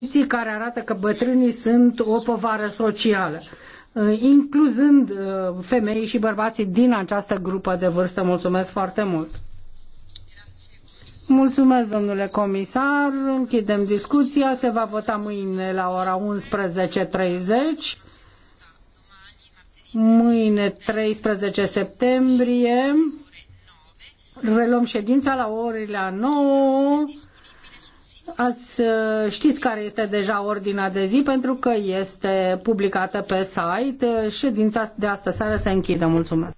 zi care arată că bătrânii sunt o povară socială, uh, incluzând uh, femei și bărbații din această grupă de vârstă. Mulțumesc foarte mult! Mulțumesc, domnule comisar. Închidem discuția. Se va vota mâine la ora 11.30. Mâine, 13 septembrie. Reluăm ședința la orele 9 Ați, uh, știți care este deja ordinea de zi pentru că este publicată pe site. Uh, ședința de astă seară se închide. Mulțumesc!